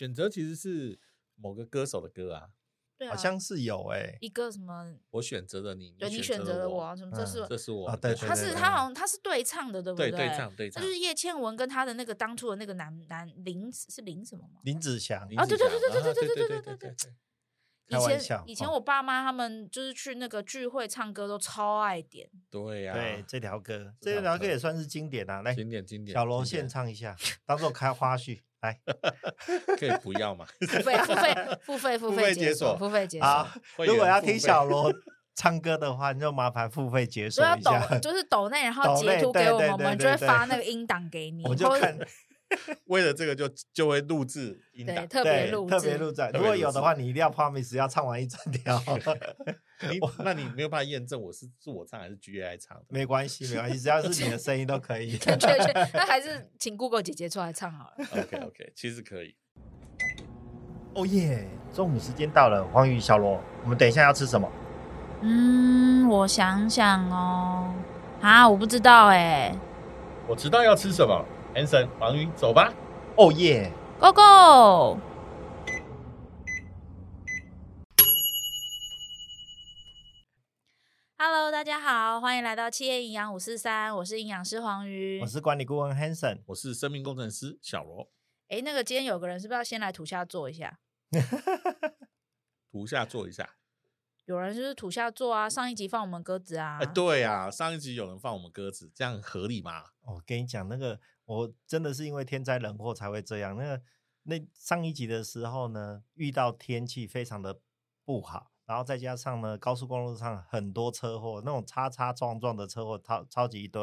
選擇其實是某個歌手的歌啊，好像是有哎，一個什麼我選擇了你，對，你選擇了我什麼，這是這是我，他是他好像他是對唱的，對不對？對唱對唱，就是葉倩文跟他的那個當初的那個男男林是林什麼嗎？林子祥啊，對對對對對對對對對對對，以前以前我爸媽他們就是去那個聚會唱歌都超愛點，對呀，對這條歌，這條歌也算是經典吶，來經典經典，小羅現唱一下，到時候開花絮。來， 可以不要嗎？付 費、付費、付費、付費解鎖，付費解鎖。如果要聽小羅唱歌的話，你就麻煩付費解鎖一下。就要抖，就是抖內，然後截圖給我們，對對對對對我們就會發那個音檔給你。為了這個就，就就會錄制音檔，特別錄制。特如果有的話，你一定要 promise 要唱完一整條 你。那你沒有辦法驗證我是自我唱還是 G I 唱，對對沒係？沒關係，沒關係，只要是你的聲音都可以。那 還是請 Google 姐姐出來唱好了。OK OK，其實可以。哦耶，中午時間到了，黃魚、小羅，我們等一下要吃什麼？嗯，我想想哦，啊，我不知道哎、欸。我知道要吃什麼。Hanson，黃魚，走吧！Oh yeah，Go go！Hello，大家好，歡迎來到企業營養五四三，我是營養師黃魚，我是管理顧問 Hanson，我是生命工程師小羅。哎，那個今天有個人是不是要先來土下座一下？ 土下座一下，有人就是，是土下座啊！上一集放我們鴿子啊！哎，對啊，上一集有人放我們鴿子，這樣合理嗎？我、哦、跟你講那個。我真的是因為天災人禍才會這樣。那，那上一集的時候呢，遇到天氣非常的不好，然後再加上呢，高速公路上很多車禍，那種叉叉撞撞的車禍超超級一堆，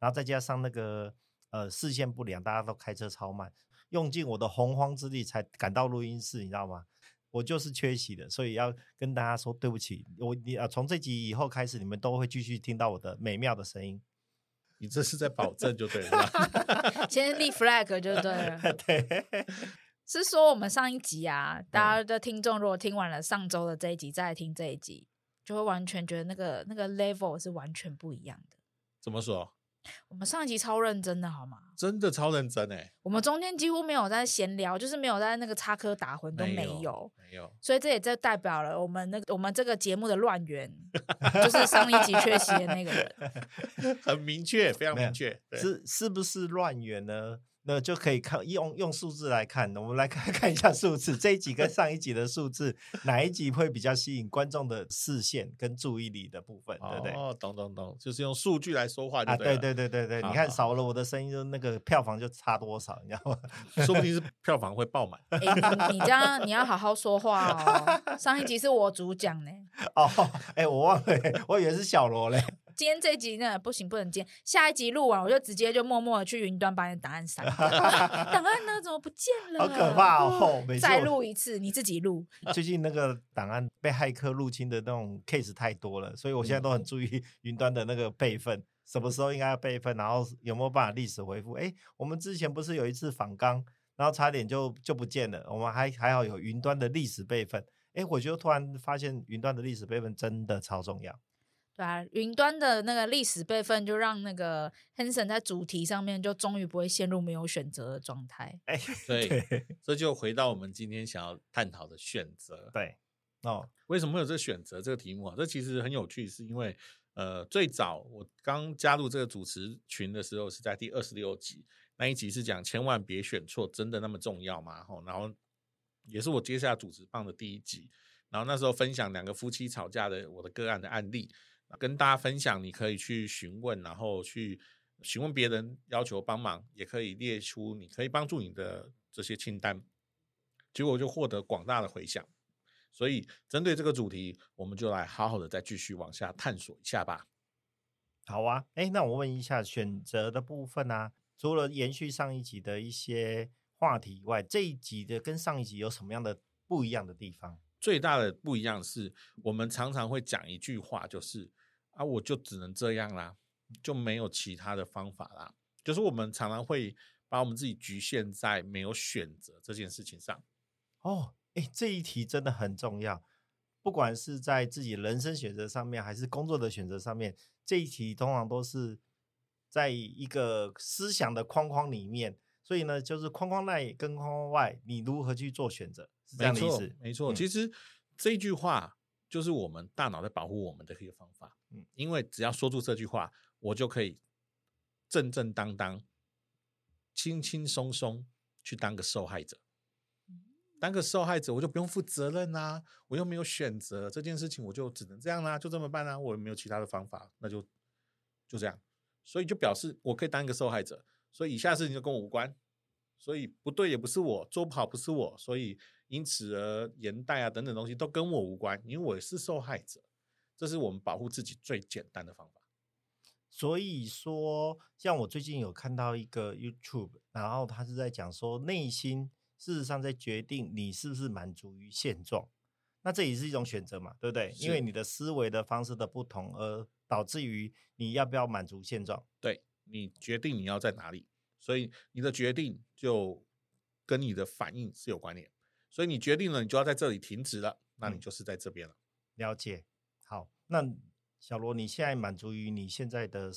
然後再加上那個呃視線不良，大家都開車超慢，用盡我的洪荒之力才趕到錄音室，你知道嗎？我就是缺席的，所以要跟大家說對不起。我你啊，從這集以後開始，你們都會繼續聽到我的美妙的聲音。你這是在保證就對了嗎，先 立 flag 就對了。 對，是說我們上一集啊，大家的聽眾如果聽完了上周的這一集，再來聽這一集，就會完全覺得那個那個 level 是完全不一樣的。怎麼說？我們上一集超認真的，好嗎？真的超認真誒、欸，我們中間幾乎沒有在閒聊，就是沒有在那個插科打諢，都沒有，沒有，沒有。所以這也就代表了我們那個我們這個節目的亂源， 就是上一集缺席的那個人， 很明確，非常明確，有對是是不是亂源呢？那就可以看用用數字來看，我們來看看一下數字，這一集跟上一集的數字， 哪一集會比較吸引觀眾的視線跟注意力的部分，哦、對不對？哦，懂懂懂，就是用數據來說話就對、啊，對對對對對對，對對對對好你看少了我的聲音，就那個票房就差多少，你知道嗎？說不定是票房會爆滿。 欸、你，你這樣你要好好說話哦， 上一集是我主講呢。哦，哎、欸，我忘了，我以為是小羅嘞。今天這一集呢，不行，不能接。下一集錄完，我就直接就默默的去雲端把你的檔案刪了。檔 案呢，怎麼不見了？好可怕哦！再錄一次，你自己錄。最近那個檔案被駭客入侵的那種 case 太多了，嗯、所以我現在都很注意雲端的那個備份，嗯、什麼時候應該要備份，然後有沒有辦法歷史恢復？哎、欸，我們之前不是有一次仿剛，然後差點就就不見了。我們還還好有雲端的歷史備份。哎、欸，我就突然發現雲端的歷史備份真的超重要。把、啊、雲端的那個歷史備份，就讓那個 Hanson 在主題上面就終於不會陷入沒有選擇的狀態。哎，對，這對就回到我們今天想要探討的選擇。對，哦，為什麼會有這個選擇這個題目啊？這其實很有趣，是因為呃，最早我剛加入這個主持群的時候，是在第二十六集，那一集是講千萬別選錯，真的那麼重要嗎？然後也是我接下來主持棒的第一集，然後那時候分享兩個夫妻吵架的我的個案的案例。跟大家分享，你可以去詢問，然後去詢問別人要求幫忙，也可以列出你可以幫助你的這些清單，結果就獲得廣大的回響。所以針對這個主題，我們就來好好的再繼續往下探索一下吧。好啊，哎，那我問一下選擇的部分啊，除了延續上一集的一些話題以外，這一集的跟上一集有什麼樣的不一樣的地方？最大的不一樣是我們常常會講一句話，就是。啊，我就只能這樣啦，就沒有其他的方法啦。就是我們常常會把我們自己局限在沒有選擇這件事情上。哦，誒，這一題真的很重要，不管是在自己人生選擇上面，還是工作的選擇上面，這一題通常都是在一個思想的框框裡面。所以呢，就是框框內跟框框外，你如何去做選擇？是這樣的意思？沒錯。沒錯，嗯，其實這句話。就是我們大腦在保護我們的一個方法，嗯，因為只要說出這句話，我就可以正正當當、輕輕鬆鬆去當個受害者，當個受害者我就不用負責任啊，我又沒有選擇這件事情，我就只能這樣啦，啊，就這麼辦啊，我也沒有其他的方法，那就就這樣，所以就表示我可以當一個受害者，所以以下事情就跟我無關，所以不對也不是我做不好，不是我，所以。因此而言代啊等等東西都跟我無關，因為我是受害者，這是我們保護自己最簡單的方法。所以說，像我最近有看到一個 YouTube，然後他是在講說，內心事實上在決定你是不是滿足於現狀，那這也是一種選擇嘛，對不對？是因為你的思維的方式的不同而導致於你要不要滿足現狀。對，你決定你要在哪裡，所以你的決定就跟你的反應是有關聯。所以你決定了，你就要在這裡停止了，那你就是在這邊了，嗯。了解，好，那小羅，你現在滿足於你現在的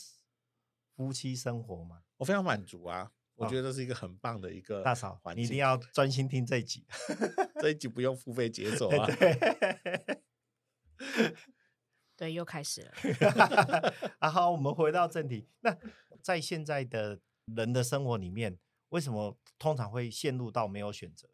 夫妻生活嗎？我非常滿足啊，我覺得這是一個很棒的一個環境。大嫂，你一定要專心聽這一集， 這一集不用付費解鎖啊。對，對，對， 對，又開始了。好 我們回到正題。那在現在的人的生活裡面，為什麼通常會陷入到沒有選擇？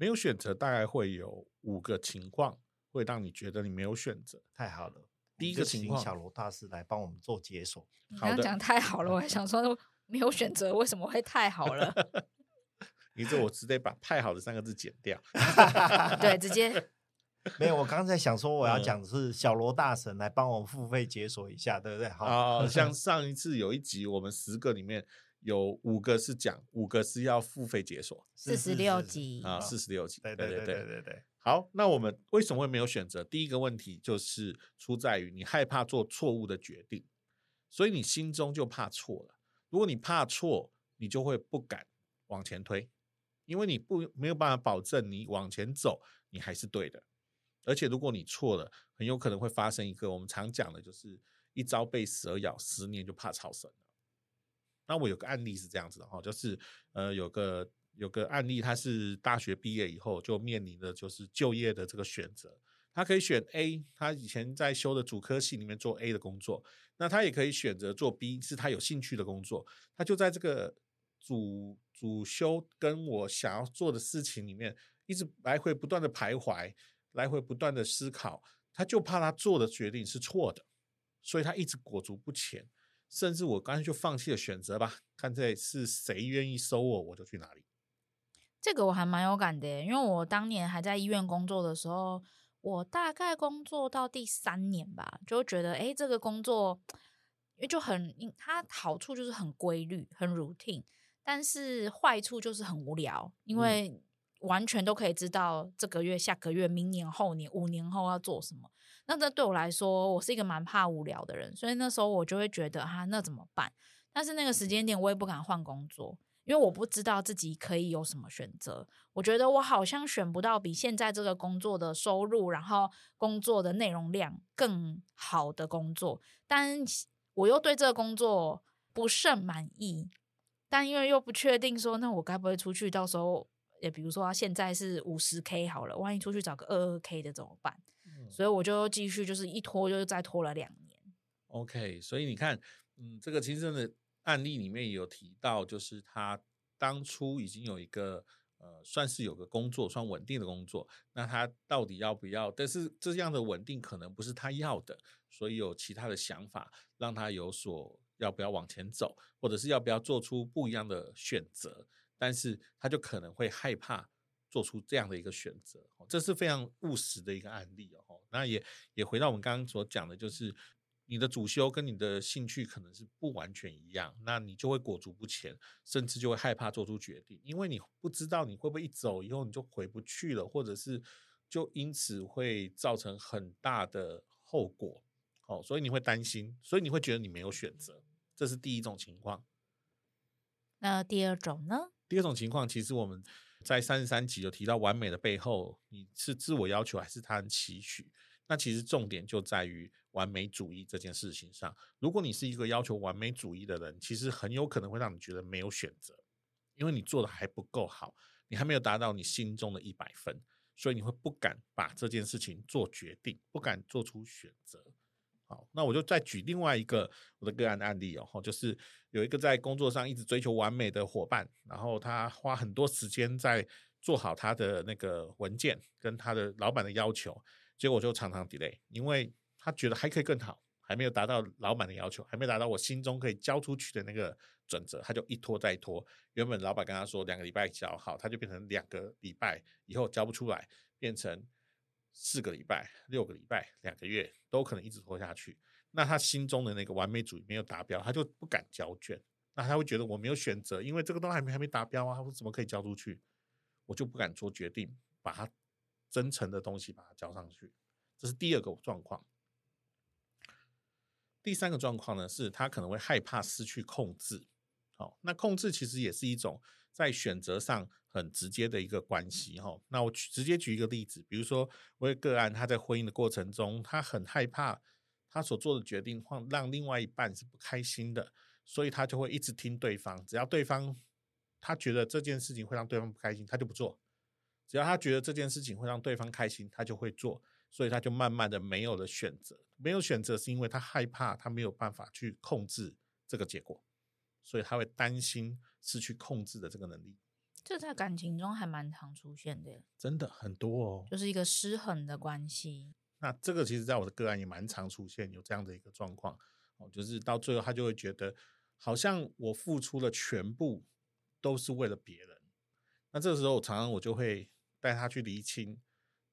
沒有選擇，大概會有五個情況，會讓你覺得你沒有選擇。太好了，第一個情況，請小羅大師來幫我們做解鎖。你剛，剛講的太好了。好的我還想說沒有選擇為什麼會太好了？ 你說我只得把“太好”的三個字剪掉。 對，直接沒有。我剛才想說，我要講的是小羅大神來幫我們付費解鎖一下，對不對？好，好像上一次有一集，我們十個裡面。有五個是講，五個是要付費解鎖，四十六集啊，四十六集，對對對對對,對,對,對,對,對，好，那我們為什麼會沒有選擇？第一個問題就是出在於你害怕做錯誤的決定，所以你心中就怕錯了。如果你怕錯，你就會不敢往前推，因為你不沒有辦法保證你往前走你還是對的。而且如果你錯了，很有可能會發生一個我們常講的，就是一朝被蛇咬，十年就怕草繩了。那我有個案例是這樣子的哈，就是呃，有個有個案例，他是大學畢業以後就面臨的就是就業的這個選擇，他可以選 A，他以前在修的主科系裡面做 A 的工作，那他也可以選擇做 B，是他有興趣的工作，他就在這個主主修跟我想要做的事情裡面一直來回不斷的徘徊，來回不斷的思考，他就怕他做的決定是錯的，所以他一直裹足不前。甚至我乾脆就放棄了選擇吧，看這是誰願意收我，我就去哪裡。這個我還蠻有感的，因為我當年還在醫院工作的時候，我大概工作到第三年吧，就覺得誒、欸、這個工作因為就很它好處就是很規律、很 routine，但是壞處就是很無聊，因為完全都可以知道這個月、下個月、明年、後年、五年後要做什麼。那這對我來說，我是一個蠻怕無聊的人，所以那時候我就會覺得，哈、啊，那怎麼辦？但是那個時間點，我也不敢換工作，因為我不知道自己可以有什麼選擇。我覺得我好像選不到比現在這個工作的收入，然後工作的內容量更好的工作，但我又對這個工作不甚滿意，但因為又不確定說，說那我該不會出去，到時候也比如說現在是五十 k 好了，萬一出去找個二二 k 的怎麼辦？所以我就繼續，就是一拖就是再拖了兩年。OK，所以你看，嗯，這個親身的案例裡面有提到，就是他當初已經有一個呃，算是有個工作，算穩定的工作。那他到底要不要？但是這樣的穩定可能不是他要的，所以有其他的想法，讓他有所要不要往前走，或者是要不要做出不一樣的選擇。但是他就可能會害怕。做出這樣的一個選擇，哦，這是非常務實的一個案例哦。那也也回到我們剛剛所講的，就是你的主修跟你的興趣可能是不完全一樣，那你就會裹足不前，甚至就會害怕做出決定，因為你不知道你會不會一走以後你就回不去了，或者是就因此會造成很大的後果。哦。所以你會擔心，所以你會覺得你沒有選擇，這是第一種情況。那第二種呢？第二種情況，其實我們在三十三集有提到，完美的背後，你是自我要求還是他人期許？那其實重點就在於完美主義這件事情上。如果你是一個要求完美主義的人，其實很有可能會讓你覺得沒有選擇，因為你做的還不夠好，你還沒有達到你心中的一百分，所以你會不敢把這件事情做決定，不敢做出選擇。好，那我就再舉另外一個我的個案案例哦，就是有一個在工作上一直追求完美的夥伴，然後他花很多時間在做好他的那個文件跟他的老板的要求，結果我就常常 delay，因為他覺得還可以更好，還沒有達到老板的要求，還沒有達到我心中可以交出去的那個準則，他就一拖再拖。原本老板跟他說兩個禮拜交好，他就變成兩個禮拜以後交不出來，變成。四個禮拜、六個禮拜、兩個月都可能一直拖下去。那他心中的那個完美主義沒有達標，他就不敢交卷。那他會覺得我沒有選擇，因為這個都還沒還沒達標啊，我怎麼可以交出去？我就不敢做決定，把他真誠的東西把它交上去。這是第二個狀況。第三個狀況呢，是他可能會害怕失去控制。那控制其實也是一種在選擇上很直接的一個關係哈。那我直接舉一個例子，比如說，我有個案，他在婚姻的過程中，他很害怕他所做的決定讓另外一半是不開心的，所以他就會一直聽對方。只要對方他覺得這件事情會讓對方不開心，他就不做；只要他覺得這件事情會讓對方開心，他就會做。所以他就慢慢的沒有了選擇，沒有選擇是因為他害怕，他沒有辦法去控制這個結果。所以他會擔心失去控制的這個能力，這在感情中還蠻常出現的，真的很多哦，就是一個失衡的關係。那這個其實，在我的個案也蠻常出現有這樣的一個狀況，哦，就是到最後他就會覺得，好像我付出了全部都是為了別人。那這個時候，常常我就會帶他去釐清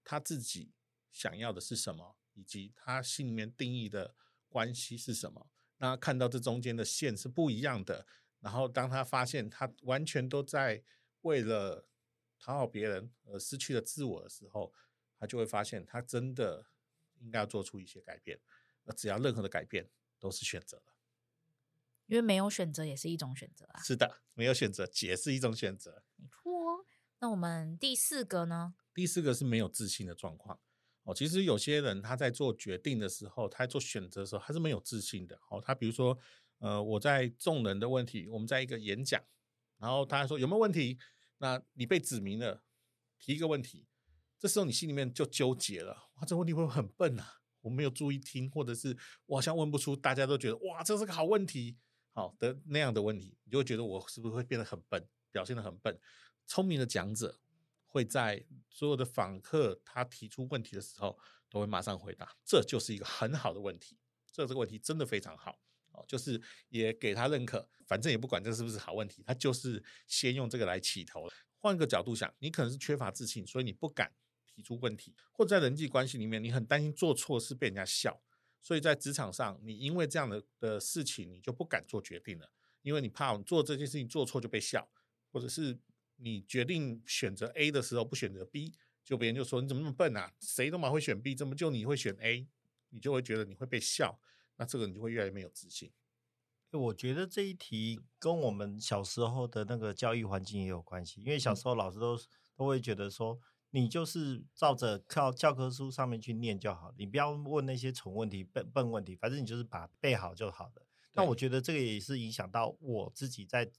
他自己想要的是什麼，以及他心裡面定義的關係是什麼。那看到這中間的線是不一樣的，然後當他發現他完全都在為了討好別人而失去了自我的時候，他就會發現他真的應該要做出一些改變。只要任何的改變都是選擇了。因為沒有選擇也是一種選擇啊。是的，沒有選擇也是一種選擇。沒錯哦，那我們第四個呢？第四個是沒有自信的狀況。哦，其實有些人他在做決定的時候，他在做選擇的時候，他是沒有自信的。哦，他比如說，呃，我在眾人的問題，我們在一個演講，然後他還說有沒有問題？那你被指明了，提一個問題，這時候你心裡面就糾結了。哇，這問題會不會很笨啊！我沒有注意聽，或者是我好像問不出，大家都覺得哇，這是個好問題，好的那樣的問題，你就會覺得我是不是會變得很笨，表現得很笨。聰明的講者。會在所有的訪客他提出問題的時候，都會馬上回答。這就是一個很好的問題，這這個問題真的非常好哦，就是也給他認可。反正也不管這是不是好問題，他就是先用這個來起頭了。換個角度想，你可能是缺乏自信，所以你不敢提出問題，或者在人際關係裡面，你很擔心做錯事被人家笑，所以在職場上，你因為這樣的的事情，你就不敢做決定了，因為你怕你做這件事情做錯就被笑，或者是。你決定選擇 A 的時候，不選擇 B，就別人就說你怎麼那麼笨啊？誰都嘛會選 B，怎麼就你會選 A？你就會覺得你會被笑，那這個你就會越來越沒有自信。我覺得這一題跟我們小時候的那個教育環境也有關係，因為小時候老師都、嗯、都會覺得說，你就是照着靠教科書上面去念就好，你不要問那些蠢問題、笨笨問題，反正你就是把背好就好了。但對我覺得這個也是影響到我自己在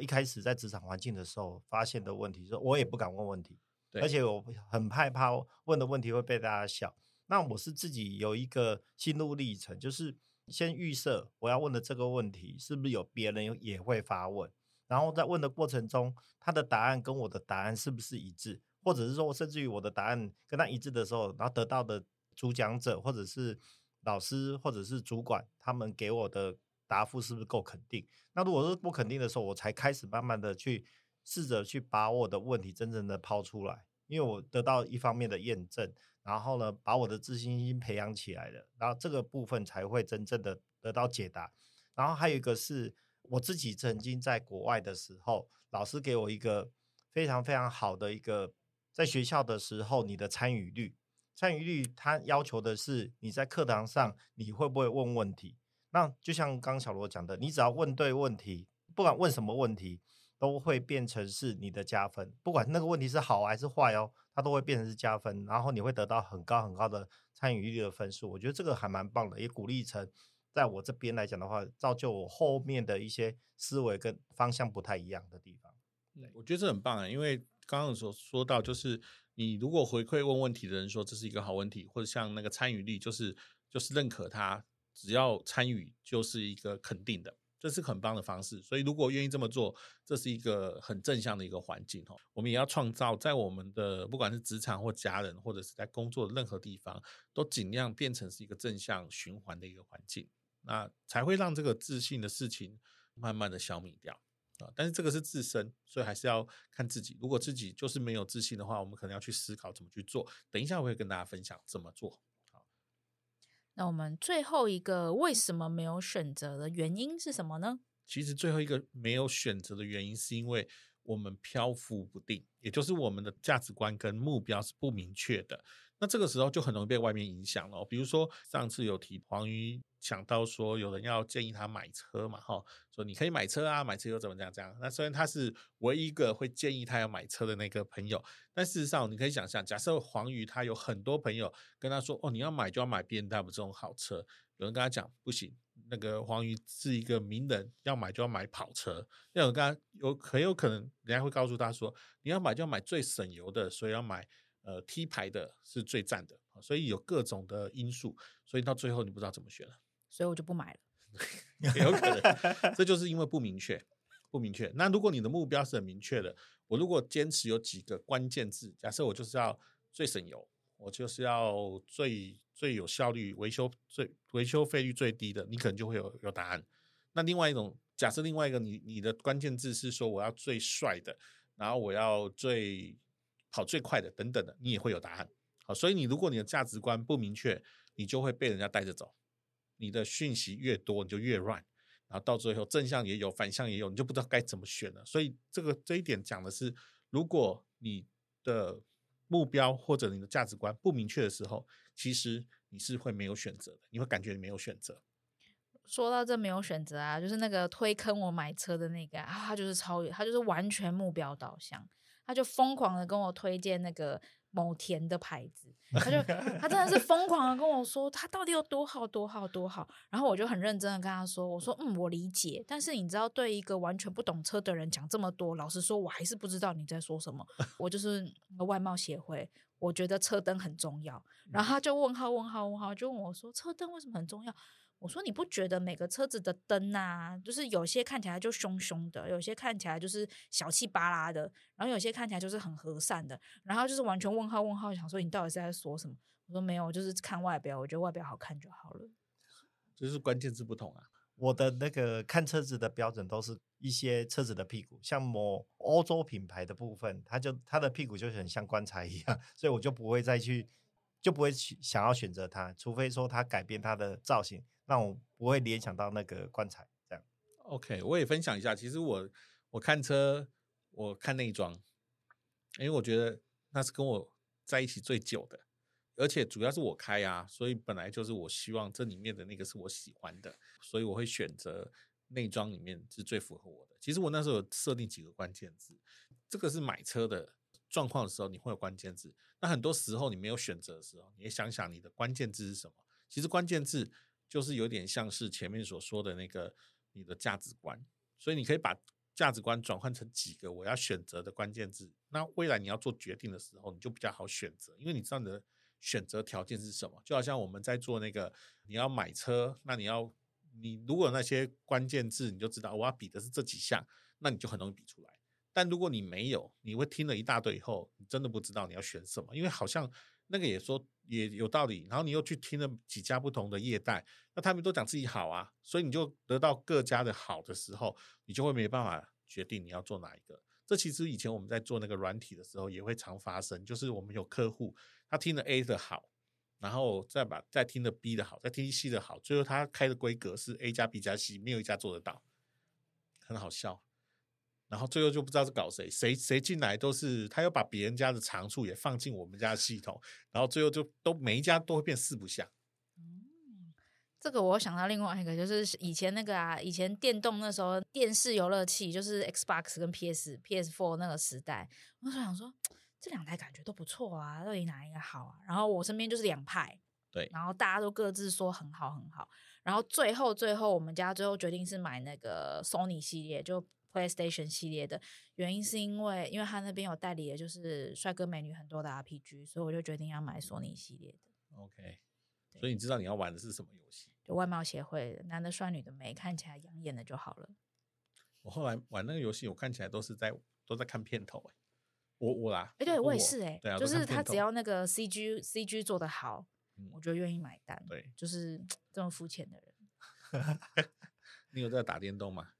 一開始在職場環境的時候，發現的問題說我也不敢問問題，對而且我很害怕問的問題會被大家笑。那我是自己有一個心路歷程，就是先預設我要問的這個問題是不是有別人也會發問，然後在問的過程中，他的答案跟我的答案是不是一致，或者是說甚至於我的答案跟他一致的時候，然後得到的主講者或者是老師或者是主管他們給我的。答復是不是夠肯定？那如果是不肯定的時候，我才開始慢慢的去試着去把我的問題真正的拋出來，因為我得到一方面的驗證，然後呢，把我的自信心培養起來了，然後這個部分才會真正的得到解答。然後還有一個是，我自己曾經在國外的時候，老師給我一個非常非常好的一個，在學校的時候，你的參與率，參與率它要求的是你在課堂上你會不會問問題。那就像剛小羅講的，你只要問對問題，不管問什麼問題，都會變成是你的加分。不管那個問題是好還是壞哦，它都會變成是加分，然後你會得到很高很高的參與率的分數。我覺得這個還蠻棒的，也鼓勵成在我這邊來講的話，造就我後面的一些思維跟方向不太一樣的地方。嗯，我覺得這很棒啊，因為剛剛所說到就是，你如果回饋問問題的人說這是一個好問題，或者像那個參與率，就是就是認可他。只要參與，就是一個肯定的，這是很棒的方式。所以如果願意這麼做，這是一個很正向的一個環境哈。我們也要創造在我們的不管是職場或家人，或者是在工作的任何地方，都盡量變成是一個正向循環的一個環境，那才會讓這個自信的事情慢慢的消滅掉啊。但是這個是自身，所以還是要看自己。如果自己就是沒有自信的話，我們可能要去思考怎麼去做。等一下我會跟大家分享怎麼做。那我們最後一個為什麼沒有選擇的原因是什麼呢？其實最後一個沒有選擇的原因是因為我們漂浮不定，也就是我們的價值觀跟目標是不明確的。那這個時候就很容易被外面影響了，哦，比如說上次有提黃魚，想到說有人要建議他買車嘛，哈，說你可以買車啊，買車又怎麼怎樣怎樣。那雖然他是唯一一個會建議他要買車的那個朋友，但事實上你可以想象，假設黃魚他有很多朋友跟他說，哦，你要買就要買 BMW 這種好車，有人跟他講不行，那個黃魚是一個名人，要買就要買跑車，那有人跟他，有，很有可能人家會告訴他說，你要買就要買最省油的，所以要買。呃，T 牌的是最讚的，所以有各種的因素，所以到最後你不知道怎麼選了，所以我就不買了。 也有可能，這就是因為不明確，不明確。那如果你的目標是很明確的，我如果堅持有幾個關鍵字，假設我就是要最省油，我就是要最最有效率，維修最維修費率最低的，你可能就會有有答案。那另外一種，假設另外一個你你的關鍵字是說我要最帥的，然後我要最。跑最快的等等的，你也會有答案。好，所以你如果你的價值觀不明確，你就會被人家帶着走。你的訊息越多，你就越亂，然後到最後正向也有，反向也有，你就不知道該怎麼選了。所以這個這一點講的是，如果你的目標或者你的價值觀不明確的時候，其實你是會沒有選擇的，你會感覺你沒有選擇。說到這沒有選擇啊，就是那個推坑我買車的那個，啊，他就是超越，他就是完全目標導向。他就瘋狂的跟我推薦那個某田的牌子，他就他真的是瘋狂的跟我說，他到底有多好多好多好。然後我就很認真的跟他說，我說嗯，我理解，但是你知道，對一個完全不懂車的人講這麼多，老實說，我還是不知道你在說什麼。我就是外貌協會，我覺得車燈很重要。然後他就問號問號問號，就問我說，車燈為什麼很重要？我說你不覺得每個車子的燈啊，就是有些看起來就凶凶的，有些看起來就是小氣巴拉的，然後有些看起來就是很和善的，然後就是完全問號問號，想說你到底是在說什麼？我說沒有，就是看外表，我覺得外表好看就好了。就是關鍵字不同啊。我的那個看車子的標準都是一些車子的屁股，像某歐洲品牌的部分，它就它的屁股就很像棺材一樣，所以我就不會再去，就不會去想要選擇它，除非說它改變它的造型。那我不會聯想到那個棺材這樣。OK，我也分享一下，其實我我看車，我看內裝，因為我覺得那是跟我在一起最久的，而且主要是我開啊，所以本來就是我希望這裡面的那個是我喜歡的，所以我會選擇內裝裡面是最符合我的。其實我那時候有設定幾個關鍵字，這個是買車的狀況的時候你會有關鍵字，那很多時候你沒有選擇的時候，你也想想你的關鍵字是什麼。其實關鍵字。就是有點像是前面所說的那個你的價值觀，所以你可以把價值觀轉換成幾個我要選擇的關鍵字。那未來你要做決定的時候，你就比較好選擇，因為你知道你的選擇條件是什麼。就好像我們在做那個你要買車，那你要你如果那些關鍵字，你就知道我要比的是這幾項，那你就很容易比出來。但如果你沒有，你會聽了一大堆以後，你真的不知道你要選什麼，因為好像那個也說。也有道理，然後你又去聽了幾家不同的業代，那他們都講自己好啊，所以你就得到各家的好的時候，你就會沒辦法決定你要做哪一個。這其實以前我們在做那個軟體的時候也會常發生，就是我們有客戶他聽了 A 的好，然後再把再聽的 B 的好，再聽 C 的好，最後他開的規格是 A 加 B 加 C，沒有一家做得到，很好笑。然後最後就不知道是搞誰，誰誰進來都是，他又把別人家的長處也放進我們家的系統，然後最後就都每一家都會變四不像。嗯，這個我想到另外一個，就是以前那個啊，以前電動那時候的電視遊樂器，就是 Xbox 跟 PS PS Four 那個時代，我就想說這兩台感覺都不錯啊，到底哪一個好啊？然後我身邊就是兩派，對，然後大家都各自說很好很好，然後最後最後我們家最後決定是買那個 Sony 系列就。PlayStation 系列的原因是因為，因為他那邊有代理的就是帥哥美女很多的 RPG，所以我就決定要買索尼系列的。OK，對所以你知道你要玩的是什麼遊戲？就外貌協會的，男的帥，女的美，看起來養眼的就好了。我後來玩那個遊戲，我看起來都是在都在看片頭哎、欸。我我啦，哎、欸，對我也是哎、欸，對就是他只要那個 CG CG 做的好，嗯、我就願意買單。對，就是這麼膚淺的人。 你有在打電動嗎？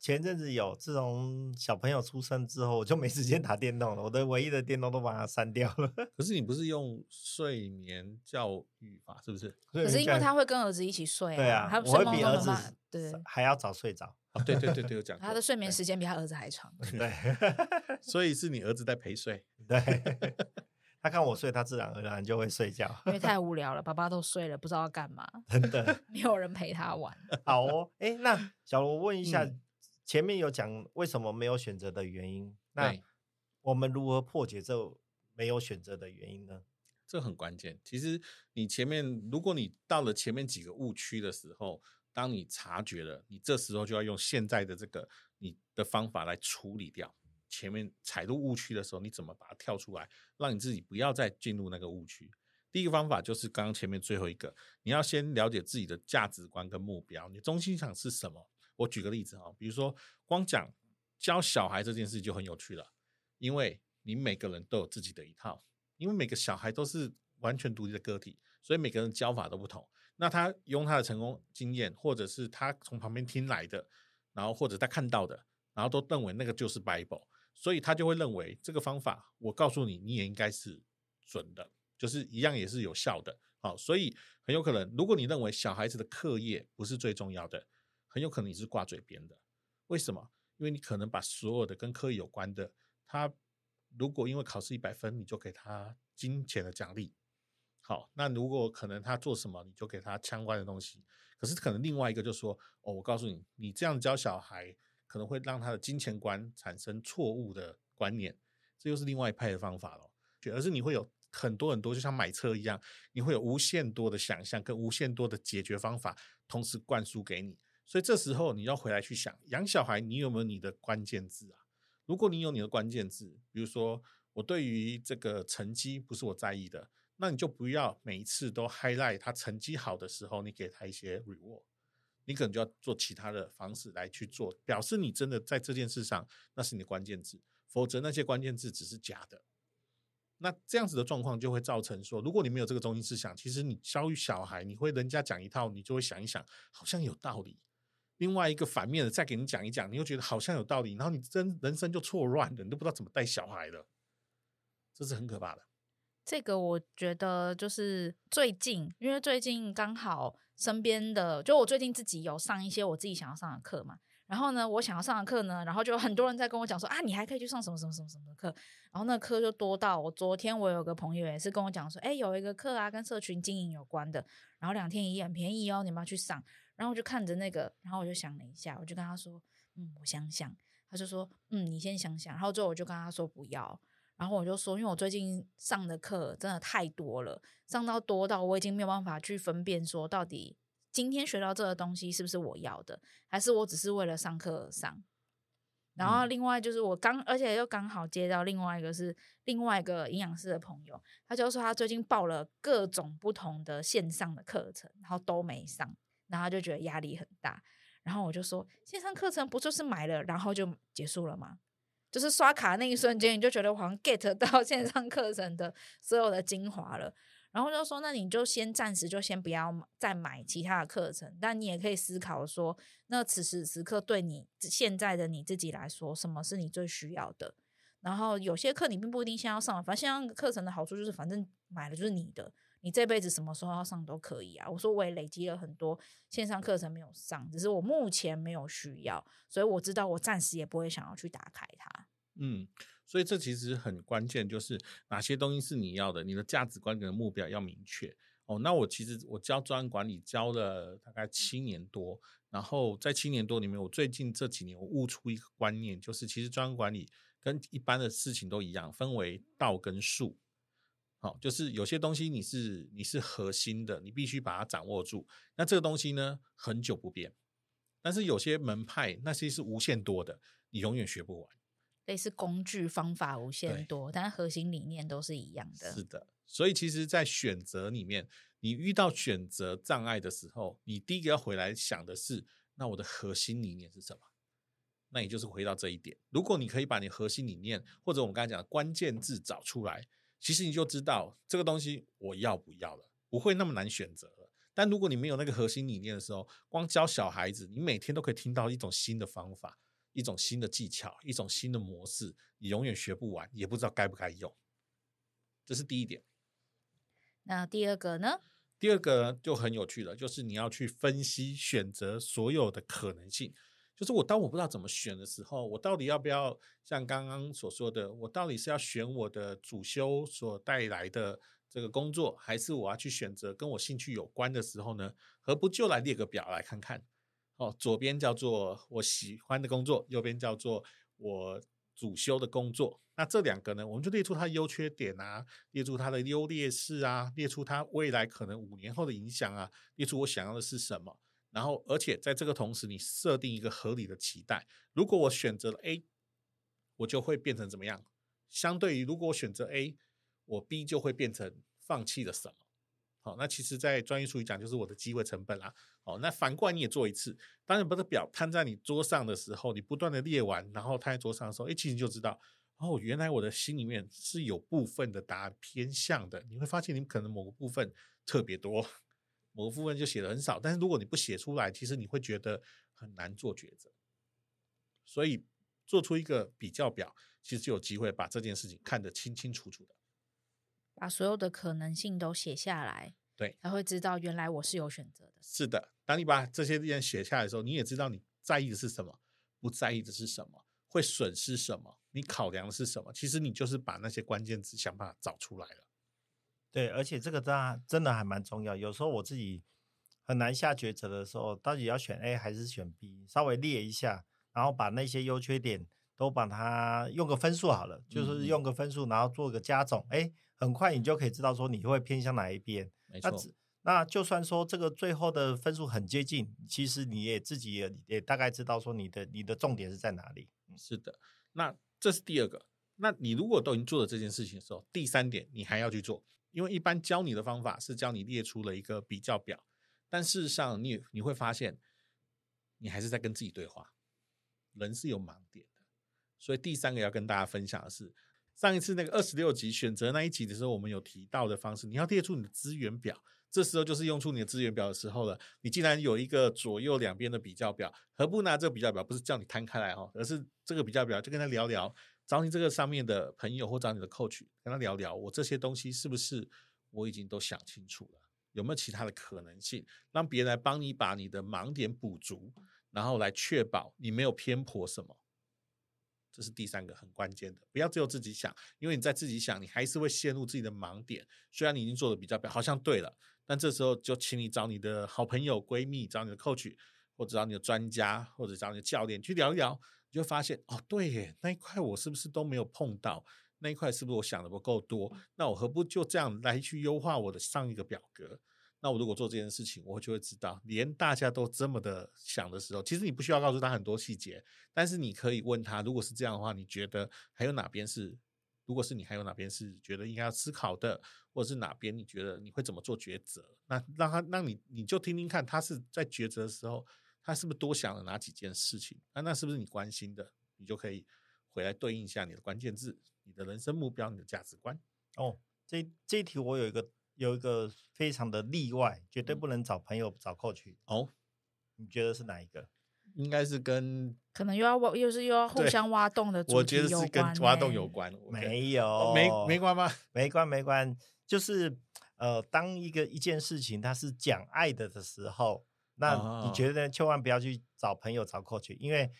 前陣子有，自從小朋友出生之後，我就沒時間打電動了。我的唯一的電動都把它刪掉了。可是你不是用睡眠教育法是不是？可是因為他會跟兒子一起睡，啊，對啊，他睡會比兒子對還要早睡着。對對對對，有講。 講過他，他的睡眠時間比他兒子還長。對， 所以是你兒子在陪睡。對，他看我睡，他自然而然就會睡覺。因為太無聊了，爸爸都睡了，不知道要幹嘛。真的，沒有人陪他玩。好哦，哎、欸，那小羅問一下。嗯前面有講為什麼沒有選擇的原因，那我們如何破解這沒有選擇的原因呢？這很關鍵。其實你前面，如果你到了前面幾個誤區的時候，當你察覺了，你這時候就要用現在的這個你的方法來處理掉前面踩入誤區的時候，你怎麼把它跳出來，讓你自己不要再進入那個誤區？第一個方法就是剛剛前面最後一個，你要先了解自己的價值觀跟目標，你的中心想是什麼？我舉個例子哈，比如說光講教小孩這件事就很有趣了，因為你每個人都有自己的一套，因為每個小孩都是完全獨立的個體，所以每個人教法都不同。那他用他的成功經驗，或者是他從旁邊聽來的，然後或者他看到的，然後都認為那個就是 Bible，所以他就會認為這個方法，我告訴你，你也應該是準的，就是一樣也是有效的。好，所以很有可能，如果你認為小孩子的課業不是最重要的。很有可能你是掛嘴邊的，為什麼？因為你可能把所有的跟科技有關的，他如果因為考試一百分，你就給他金錢的獎勵。好，那如果可能他做什麼，你就給他相關的東西。可是可能另外一個就說，哦，我告訴你，你這樣教小孩可能會讓他的金錢觀產生錯誤的觀念。這又是另外一派的方法嘍。而是你會有很多很多，就像買車一樣，你會有無限多的想象跟無限多的解決方法，同時灌輸給你。所以這時候你要回來去想，養小孩你有沒有你的關鍵字啊？如果你有你的關鍵字，比如說我對於這個成績不是我在意的，那你就不要每一次都 highlight 他成績好的時候，你給他一些 reward。你可能就要做其他的方式來去做，表示你真的在這件事上，那是你的關鍵字，否則那些關鍵字只是假的。那這樣子的狀況就會造成說，如果你沒有這個中心思想，其實你教育小孩，你會人家講一套，你就會想一想，好像有道理。另外一個反面的，再給你講一講，你又覺得好像有道理，然後你真人生就錯亂了，你都不知道怎麼帶小孩了，這是很可怕的。這個我覺得就是最近，因為最近剛好身邊的，就我最近自己有上一些我自己想要上的課嘛。然後呢，我想要上的課呢，然後就很多人在跟我講說啊，你還可以去上什麼什麼什麼什麼的課。然後那課就多到我昨天我有個朋友也是跟我講說，哎，有一個課啊，跟社群經營有關的，然後兩天一夜很便宜哦，你們要不要去上。然後我就看着那個，然後我就想了一下，我就跟他說：“嗯，我想想。”他就說：“嗯，你先想想。”然後最後我就跟他說：“不要。”然後我就說：“因為我最近上的課真的太多了，上到多到我已經沒有辦法去分辨，說到底今天學到這個東西是不是我要的，還是我只是為了上課而上。”然後另外就是我剛，而且又剛好接到另外一個是另外一個營養師的朋友，他就說他最近報了各種不同的線上的課程，然後都沒上。然後就覺得壓力很大，然後我就說線上課程不就是買了然後就結束了嗎？就是刷卡那一瞬間，你就覺得我好像 get 到線上課程的所有的精華了。然後就說那你就先暫時就先不要再買其他的課程，但你也可以思考說，那此時此刻對你現在的你自己來說，什麼是你最需要的？然後有些課你並不一定先要上，反正線上課程的好處就是反正買了就是你的。你這輩子什麼時候要上都可以啊。我說我也累積了很多線上課程沒有上，只是我目前沒有需要，所以我知道我暫時也不會想要去打開它。嗯，所以這其實很關鍵，就是哪些東西是你要的，你的價值觀跟目標要明確。哦，那我其實我教專案管理教了大概七年多，然後在七年多裡面，我最近這幾年我悟出一個觀念，就是其實專案管理跟一般的事情都一樣，分為道跟術。好、哦，就是有些東西你是你是核心的，你必須把它掌握住。那這個東西呢，恆久不變。但是有些門派，那些是無限多的，你永遠學不完。類似工具方法無限多，對但是核心理念都是一樣的。是的，所以其實，在選擇裡面，你遇到選擇障礙的時候，你第一個要回來想的是，那我的核心理念是什麼？那你就是回到這一點。如果你可以把你核心理念，或者我們剛才講的關鍵字找出來。其實你就知道這個東西我要不要了，不會那麼難選擇了。但如果你沒有那個核心理念的時候，光教小孩子，你每天都可以聽到一種新的方法、一種新的技巧、一種新的模式，你永遠學不完，也不知道該不該用。這是第一點。那第二個呢？第二個就很有趣了，就是你要去分析選擇所有的可能性。就是我當我不知道怎麼選的時候，我到底要不要像剛剛所說的，我到底是要選我的主修所帶來的這個工作，還是我要去選擇跟我興趣有關的時候呢？何不就來列個表來看看？哦，左邊叫做我喜歡的工作，右邊叫做我主修的工作。那這兩個呢，我們就列出它的優缺點啊，列出它的優劣勢啊，列出它未來可能五年後的影響啊，列出我想要的是什麼。然後，而且在這個同時，你設定一個合理的期待。如果我選擇了 A，我就會變成怎麼樣？相對於如果我選擇 A，我 B 就會變成放棄了什麼？好，那其實，在專業術語講，就是我的機會成本啦。好，那反過來你也做一次。當你把這表攤在你桌上的時候，你不斷的列完，然後攤在桌上的時候，哎、欸，其實你就知道，哦，原來我的心裡面是有部分的答案偏向的。你會發現，你可能某個部分特別多。我的部分就寫的很少，但是如果你不寫出來，其實你會覺得很難做抉擇。所以做出一個比較表，其實就有機會把這件事情看得清清楚楚的，把所有的可能性都寫下來，對，才會知道原來我是有選擇的。是的，當你把這些點寫下來的時候，你也知道你在意的是什麼，不在意的是什麼，會損失什麼，你考量的是什麼。其實你就是把那些關鍵字想辦法找出來了。對，而且這個真真的還蠻重要。有時候我自己很難下抉擇的時候，到底要選 A 還是選 B？稍微列一下，然後把那些優缺點都把它用個分數好了，就是，是用個分數，然後做個加總，哎、嗯，很快你就可以知道說你會偏向哪一邊。沒錯。那，那就算說這個最後的分數很接近，其實你也自己也，也大概知道說你的你的重點是在哪裡。是的，那這是第二個。那你如果都已經做了這件事情的時候，第三點你還要去做。因為一般教你的方法是教你列出了一個比較表，但事實上你你會發現，你還是在跟自己對話。人是有盲點的，所以第三個要跟大家分享的是，上一次那個二十六集選擇那一集的時候，我們有提到的方式，你要列出你的資源表，這時候就是用出你的資源表的時候了。你既然有一個左右兩邊的比較表，何不拿這個比較表？不是叫你攤開來哈，而是這個比較表就跟他聊聊。找你這個上面的朋友，或找你的 coach，跟他聊聊，我這些東西是不是我已經都想清楚了？有沒有其他的可能性？讓別人來幫你把你的盲點補足，然後來確保你沒有偏頗什麼？這是第三個很關鍵的，不要只有自己想，因為你在自己想，你還是會陷入自己的盲點。雖然你已經做的比較表，好像對了，但這時候就請你找你的好朋友、閨蜜，找你的 coach，或者找你的專家，或者找你的教練去聊一聊。你就發現哦，對耶，那一塊我是不是都沒有碰到？那一塊是不是我想的不夠多？那我何不就這樣來去優化我的上一個表格？那我如果做這件事情，我就會知道，連大家都這麼的想的時候，其實你不需要告訴他很多細節，但是你可以問他，如果是這樣的話，你覺得還有哪邊是？如果是你還有哪邊是覺得應該要思考的，或者是哪邊你覺得你會怎麼做抉擇？那讓他，讓你你就聽聽看，他是在抉擇的時候。他是不是多想了哪幾件事情？啊，那是不是你關心的，你就可以回來對應一下你的關鍵字、你的人生目標、你的價值觀。哦，這這題我有一個有一個非常的例外，絕對不能找朋友找 coach。哦、嗯，你覺得是哪一個？應該是跟可能又要挖，又是又要互相挖洞的、欸。我覺得是跟挖洞有關，沒有沒沒關嗎？沒關沒關，就是呃，當一個一件事情它是講愛的的時候。那你覺得呢、oh, 千萬不要去找朋友找 Coach，因為，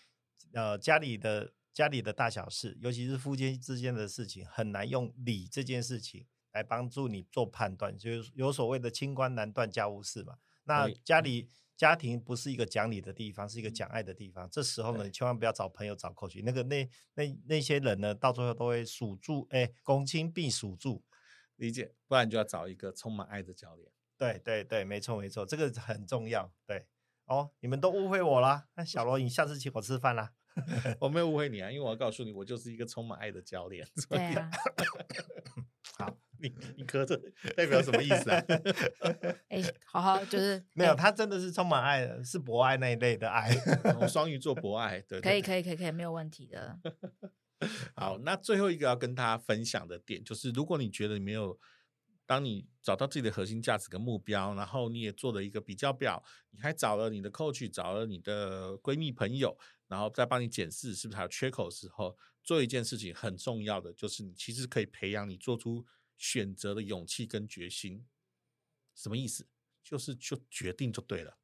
呃，家裡的家裡的大小事，尤其是夫妻之間的事情，很難用理這件事情來幫助你做判斷，就是有所謂的清官難斷家務事嘛。那家裡以家庭不是一個講理的地方，是一個講愛的地方。這時候呢，對千萬不要找朋友找 Coach，那個那那那些人呢，到最後都會數住，哎、欸，公親必數住，理解，不然就要找一個充滿愛的教練。對對對，沒錯沒錯，這個很重要。對哦，你們都誤會我啦。那小羅，你下次請我吃飯啦？我沒有誤會你啊，因為我要告訴你，我就是一個充滿愛的教練。啊對啊。 好，你你磕著代表什麼意思啊？哎， 好好，就是沒有他真的是充滿愛的，是博愛那一類的愛。 雙魚座博愛，對,對,對,對可。可以可以可以可以，沒有問題的。好，那最後一個要跟他分享的點就是，如果你覺得你沒有。當你找到自己的核心價值跟目標，然後你也做了一個比較表，你還找了你的 coach，找了你的閨蜜朋友，然後再幫你檢視是不是還有缺口的時候，做一件事情很重要的就是你其實可以培養你做出選擇的勇氣跟決心。什麼意思？就是就決定就對了，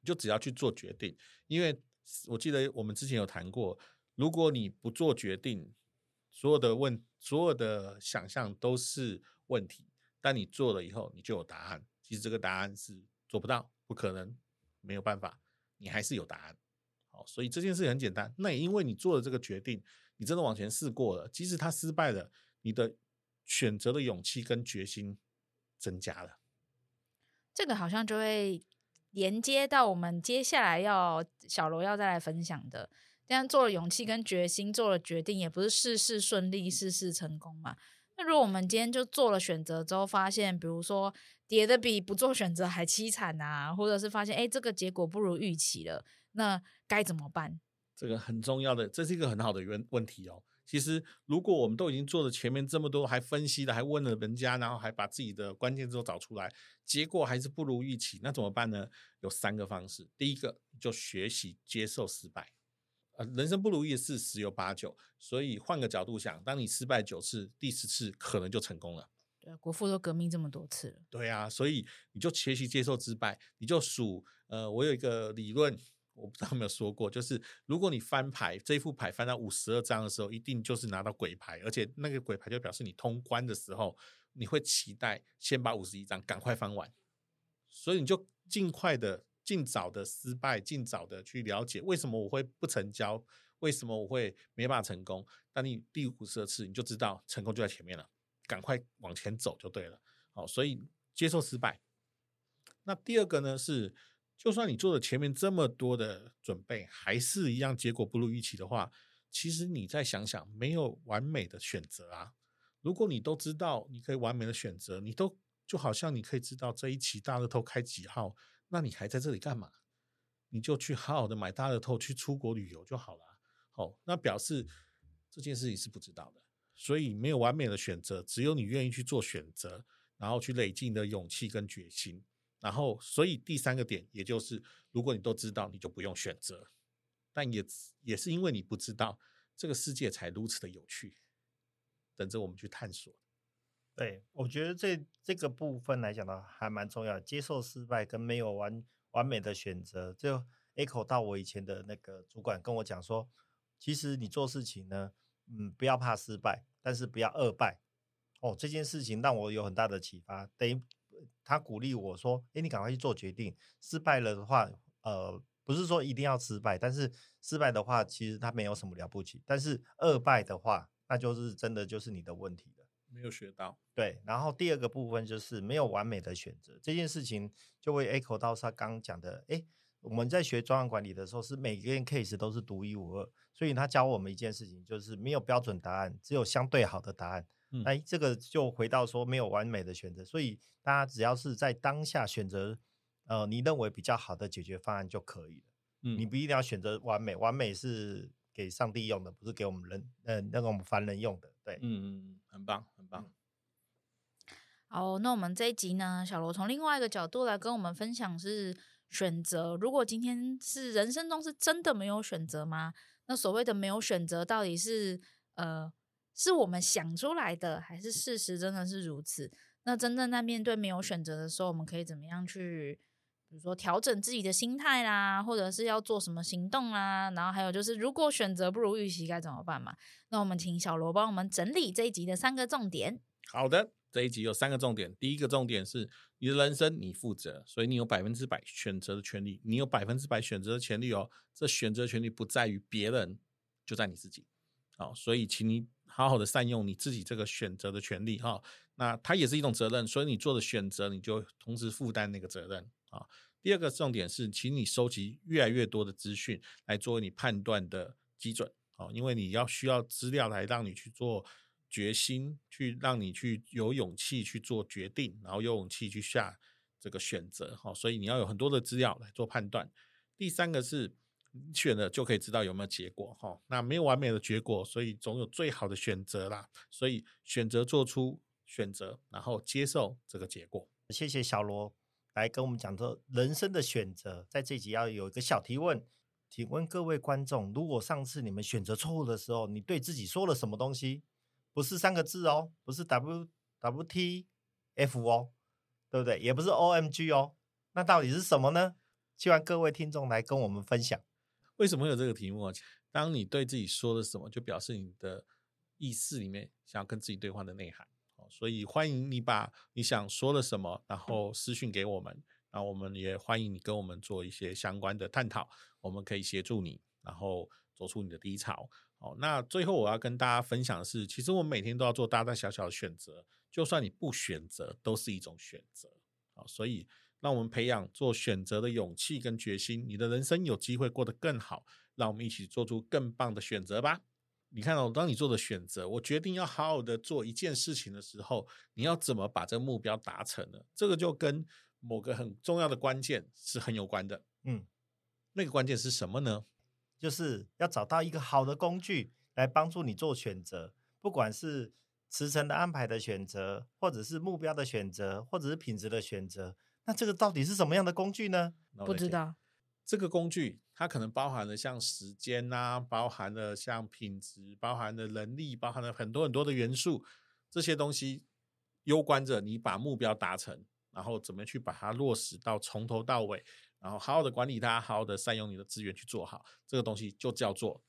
你就只要去做決定。因為我記得我們之前有談過，如果你不做決定，所有的問，所有的想象都是問題。但你做了以後，你就有答案。其實這個答案是做不到，不可能，沒有辦法。你還是有答案。好，所以這件事很簡單。那也因為你做了這個決定，你真的往前試過了。即使它失敗了，你的選擇的勇氣跟決心增加了。這個好像就會連接到我們接下來要小羅要再來分享的。這樣做了勇氣跟決心，做了決定，也不是事事順利、事事成功嘛。那如果我們今天就做了選擇之後，發現比如說跌的比不做選擇還淒慘啊，或者是發現哎，這個結果不如預期了，那該怎麼辦？這個很重要的，這是一個很好的問問題哦。其實如果我們都已經做了前面這麼多，還分析了，還問了人家，然後還把自己的關鍵字都找出來，結果還是不如預期，那怎麼辦呢？有三個方式，第一個就學習接受失敗。呃，人生不如意的事十有八九，所以換個角度想，當你失敗九次，第十次可能就成功了。對，國父都革命這麼多次了。對啊，所以你就學習接受失敗，你就數。呃，我有一個理論，我不知道有沒有說過，就是如果你翻牌這副牌翻到五十二張的時候，一定就是拿到鬼牌，而且那個鬼牌就表示你通關的時候，你會期待先把五十一張趕快翻完，所以你就盡快的。儘早的失敗，儘早的去了解為什麼我會不成交，為什麼我會沒辦法成功。當你第五十次，你就知道成功就在前面了，趕快往前走就對了。好，所以接受失敗。那第二個呢是，就算你做了前面這麼多的準備，還是一樣結果，不如預期的話，其實你再想想，沒有完美的選擇啊。如果你都知道，你可以完美的選擇，你都就好像你可以知道這一期大樂透開幾號。那你還在這裡幹嘛？你就去好好的買大樂透，去出國旅遊就好了。哦，那表示這件事情是不知道的，所以沒有完美的選擇，只有你願意去做選擇，然後去累積你的勇氣跟決心。然後，所以第三個點，也就是如果你都知道，你就不用選擇。但也也是因為你不知道，這個世界才如此的有趣，等着我們去探索。對，我覺得這這個部分來講呢，還蠻重要。接受失敗跟沒有完完美的選擇，就 Echo 到我以前的那個主管跟我講說，其實你做事情呢，嗯，不要怕失敗，但是不要二敗。哦，這件事情讓我有很大的啟發。等於他鼓勵我說，誒，你趕快去做決定。失敗了的話，呃，不是說一定要失敗，但是失敗的話，其實他沒有什麼了不起。但是二敗的話，那就是真的就是你的問題。沒有學到對，然後第二個部分就是沒有完美的選擇這件事情，就會 echo 到他剛講的，誒，我們在學專案管理的時候，是每件 case 都是獨一無二，所以他教我們一件事情，就是沒有標準答案，只有相對好的答案。哎、嗯，那這個就回到說沒有完美的選擇，所以大家只要是在當下選擇，呃，你認為比較好的解決方案就可以了。嗯，你不一定要選擇完美，完美是給上帝用的，不是給我們人，呃，那個我們凡人用的。對，嗯嗯嗯，很棒，很棒。好，那我們這一集呢，小羅從另外一個角度來跟我們分享是選擇。如果今天是人生中是真的沒有選擇嗎？那所謂的沒有選擇，到底是呃，是我們想出來的，還是事實真的是如此？那真正在面對沒有選擇的時候，我們可以怎麼樣去？比如說調整自己的心態啦，或者是要做什麼行動啦。然後還有就是，如果選擇不如預期該怎麼辦嘛？那我們請小羅幫我們整理這一集的三個重點。好的，這一集有三個重點。第一個重點是，你的人生你負責，所以你有百分之百選擇的權利。你有百分之百選擇的權利哦，這選擇權利不在於別人，就在你自己。好、哦，所以請你好好的善用你自己這個選擇的權利哈、哦。那它也是一種責任，所以你做的選擇，你就同時負擔那個責任啊。哦第二個重點是，請你收集越來越多的資訊來作為你判斷的基準哦，因為你要需要資料來讓你去做決心，去讓你去有勇氣去做決定，然後有勇氣去下這個選擇哈。所以你要有很多的資料來做判斷。第三個是，選了就可以知道有沒有結果哈。那沒有完美的結果，所以總有最好的選擇啦。所以選擇做出選擇，然後接受這個結果。謝謝小羅。來跟我們講說人生的選擇，在這集要有一個小提問，請問各位觀眾，如果上次你們選擇錯誤的時候，你對自己說了什麼東西？不是三個字哦，不是 W W T F 哦，對不對？也不是 O M G 哦，那到底是什麼呢？希望各位聽眾來跟我們分享。為什麼有這個題目？當你對自己說了什麼，就表示你的意識裡面想要跟自己對話的內涵。所以歡迎你把你想說了什麼，然後私訊給我們，然後我們也歡迎你跟我們做一些相關的探討，我們可以協助你，然後走出你的低潮。哦，那最後我要跟大家分享的是，其實我們每天都要做大大小小的選擇，就算你不選擇，都是一種選擇。啊，所以讓我們培養做選擇的勇氣跟決心，你的人生有機會過得更好。讓我們一起做出更棒的選擇吧。你看，哦，當你做的選擇，我決定要好好的做一件事情的時候，你要怎麼把這個目標達成呢？這個就跟某個很重要的關鍵是很有關的。嗯，那個關鍵是什麼呢？就是要找到一個好的工具來幫助你做選擇，不管是時程的安排的選擇，或者是目標的選擇，或者是品質的選擇。那這個到底是什麼樣的工具呢？不知道。這個工具，它可能包含了像時間啊，包含了像品質，包含了能力，包含了很多很多的元素。這些東西攸關着你把目標達成，然後怎麼去把它落實到從頭到尾，然後好好的管理它，好好的善用你的資源去做好這個東西，就叫做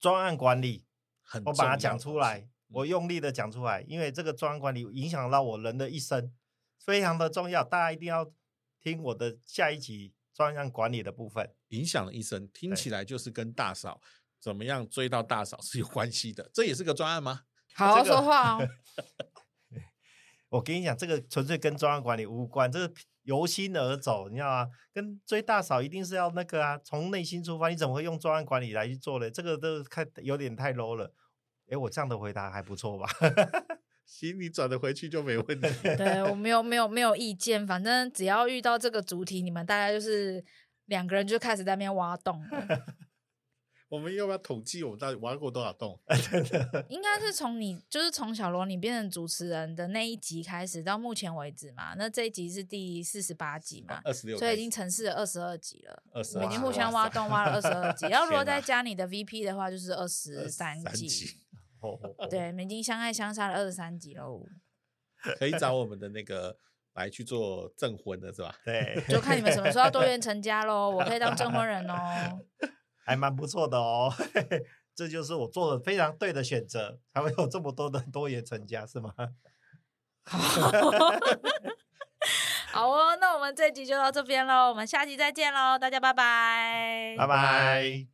專案管理。很，我把它講出來，嗯、我用力的講出來，因為這個專案管理影響到我人的一生，非常的重要，大家一定要聽我的下一集。專案管理的部分影響了一生，聽起來就是跟大嫂對怎麼樣追到大嫂是有關係的，這也是個專案嗎？好好說話、哦。這個、 我跟你講，這個純粹跟專案管理無關，這個由心而走，你知道嗎？跟追大嫂一定是要那個啊，從內心出發。你怎麼會用專案管理來去做呢？這個都太有點太 low 了。哎、欸，我這樣的回答還不錯吧？ 行，你轉的回去就沒問題 對。對我沒有沒有沒有,沒有意見？反正只要遇到這個主題，你們大概就是兩個人就開始在那邊挖洞。 我們要不要統計我們到底挖過多少洞？ 應該是從你就是從小羅你變成主持人的那一集開始到目前為止嘛？那這一集是第四十八集嘛？二十六，所以已經城市了二十二集了。22, 我們已經互相挖洞塞挖了二十二集。要如果再加你的 VP 的話，就是二十三集。Oh, oh, oh. 對，已經相愛相殺了二十三集嘍，可以找我們的那個來去做證婚的，是吧？對，就看你們什麼時候多元成家嘍，我可以當證婚人哦，還蠻不錯的哦， 這就是我做的非常對的選擇，才會有這麼多的多元成家，是嗎？ 好，哦，那我們這集就到這邊嘍，我們下集再見嘍，大家拜拜，拜拜 bye。